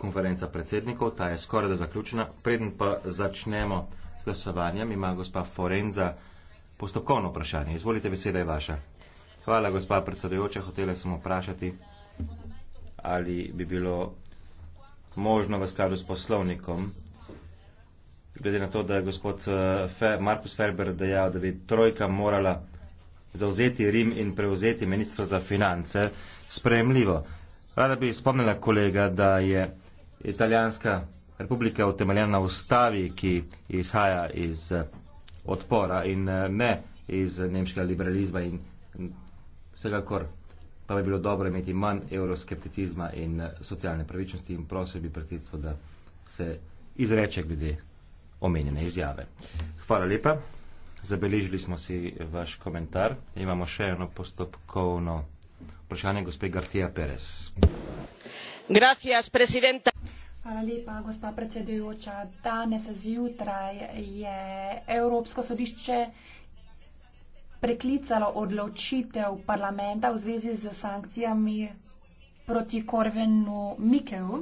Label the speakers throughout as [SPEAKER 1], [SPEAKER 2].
[SPEAKER 1] konferenca predsednikov, ta je skoraj da zaključena. Preden pa začnemo s glasovanjem, ima gospa Forenza postopkovno vprašanje. Izvolite, beseda je vaša. Hvala, gospa predsedujoča. Hotela sem vprašati, ali bi bilo možno v skladu s poslovnikom, glede na to, da je gospod eh, Fe, Markus Ferber dejal, da bi trojka morala zauzeti Rim in prevzeti ministrstvo za finance, sprejemljivo. Rada bi spomnila kolega, da je italijanska republika utemeljena v ustavi, ki izhaja iz eh, odpora in eh, ne iz eh, nemškega liberalizma in vsekakor pa bi bilo dobro imeti manj euroskepticizma in socialne pravičnosti in prosil bi predsedstvo, da se izreče glede omenjene izjave. Hvala lepa. Zabeležili smo si vaš komentar. Imamo še eno postopkovno vprašanje gospe Garcia Perez.
[SPEAKER 2] Gracias, presidenta. Hvala lepa, gospa predsedujoča. Danes zjutraj je Evropsko sodišče preklicalo odločitev parlamenta v zvezi z sankcijami proti Korvenu Mikeju,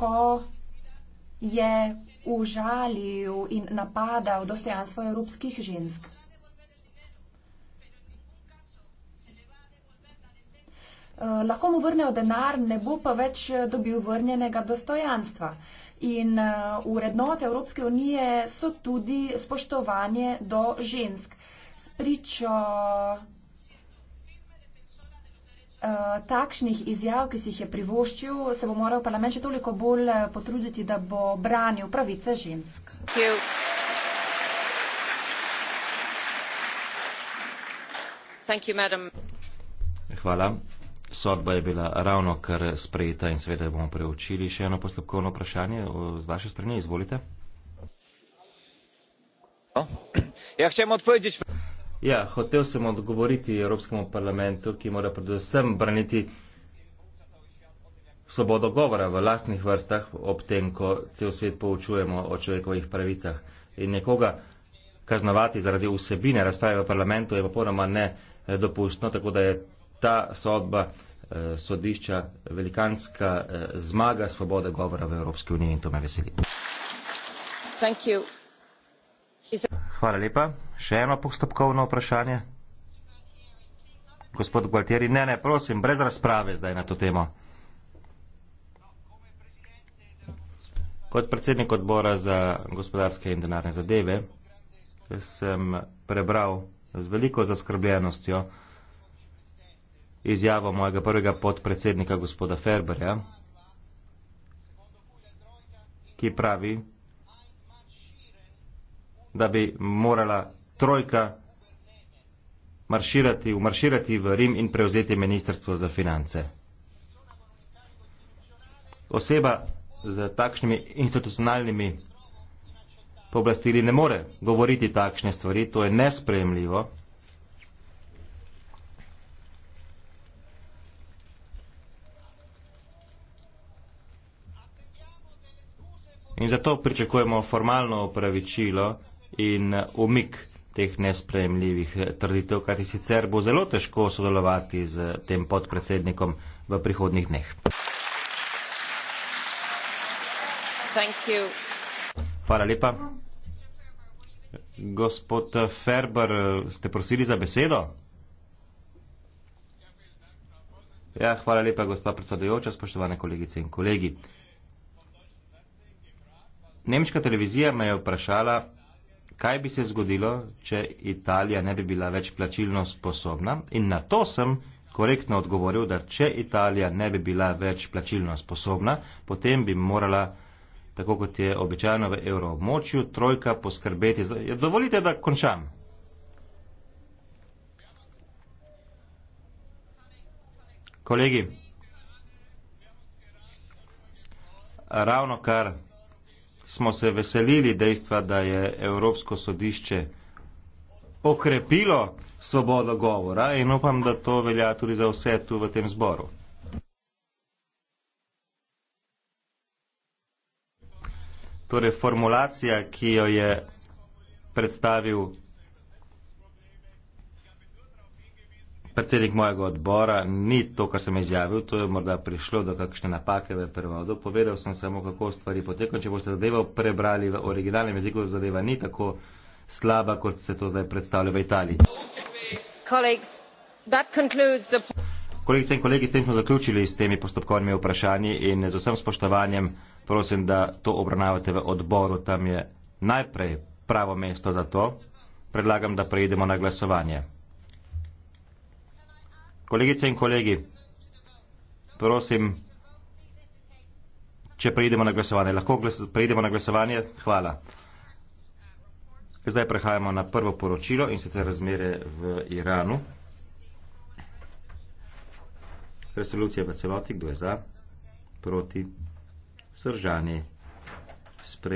[SPEAKER 2] ko je užalil in napadal dostojanstvo evropskih žensk. Eh, lahko mu vrnejo denar, ne bo pa več eh, dobil vrnjenega dostojanstva. In urednot eh, Evropske unije so tudi spoštovanje do žensk. Spričo takšnih izjav, ki si jih je privoščil, se bo moral parlament še toliko bolj potruditi, da bo branil pravice žensk.
[SPEAKER 1] Hvala. Sodba je bila ravno kar sprejeta in seveda bomo preučili še eno postopkovno vprašanje z vaše strani. Izvolite. Ja, ja, hotel sem odgovoriti Evropskemu parlamentu, ki mora predvsem braniti svobodo govora v lastnih vrstah, ob tem, ko cel svet poučujemo o človekovih pravicah. In nekoga kaznovati zaradi vsebine razprave v parlamentu je popolnoma nedopustno, tako da je ta sodba eh, sodišča velikanska eh, zmaga svobode govora v Evropski uniji in to me veseli. Hvala lepa. Še eno postopkovno vprašanje. Gospod Gualtieri, ne, ne, prosim, brez razprave zdaj na to temo. Kot predsednik odbora za gospodarske in denarne zadeve sem prebral z veliko zaskrbljenostjo, izjavo mojega prvega podpredsednika gospoda Ferberja, ki pravi, da bi morala trojka marširati, umarširati v Rim in prevzeti ministrstvo za finance. Oseba z takšnimi institucionalnimi pooblastili ne more govoriti takšne stvari, to je nesprejemljivo. In zato pričakujemo formalno opravičilo in umik teh nespremljivih trditev, kajti sicer bo zelo težko sodelovati z tem podpredsednikom v prihodnih dneh. Hvala lepa. Gospod Ferber, ste prosili za besedo? Ja, hvala lepa, gospod predsedujoča, spoštovane kolegice in kolegi. Nemška televizija me je vprašala, kaj bi se zgodilo, če Italija ne bi bila več plačilno sposobna. In na to sem korektno odgovoril, da če Italija ne bi bila več plačilno sposobna, potem bi morala, tako kot je običajno v evroobmočju, trojka poskrbeti. Ja, dovolite, da končam. Kolegi, ravno kar smo se veselili dejstva, da je Evropsko sodišče okrepilo svobodo govora in upam, da to velja tudi za vse tu v tem zboru. Torej, formulacija, ki jo je predstavil predsednik mojega odbora ni to, kar sem izjavil, to je morda prišlo do kakšne napake v prevodu. Povedal sem samo, kako stvari potekajo. Če boste zadevo prebrali v originalnem jeziku, zadeva ni tako slaba, kot se to zdaj predstavlja v Italiji. Kolegice in kolegi, s tem smo zaključili s temi postopkovnimi vprašanji in z vsem spoštovanjem prosim, da to obravnavate v odboru. Tam je najprej pravo mesto za to. Predlagam, da preidemo na glasovanje. Kolegice in kolegi, prosim, če prejdemo na glasovanje. Lahko glas, prejdemo na glasovanje? Hvala. Zdaj prehajamo na prvo poročilo in sicer razmere v Iranu. Resolucija v celoti, kdo je za, proti, sržani, sprej.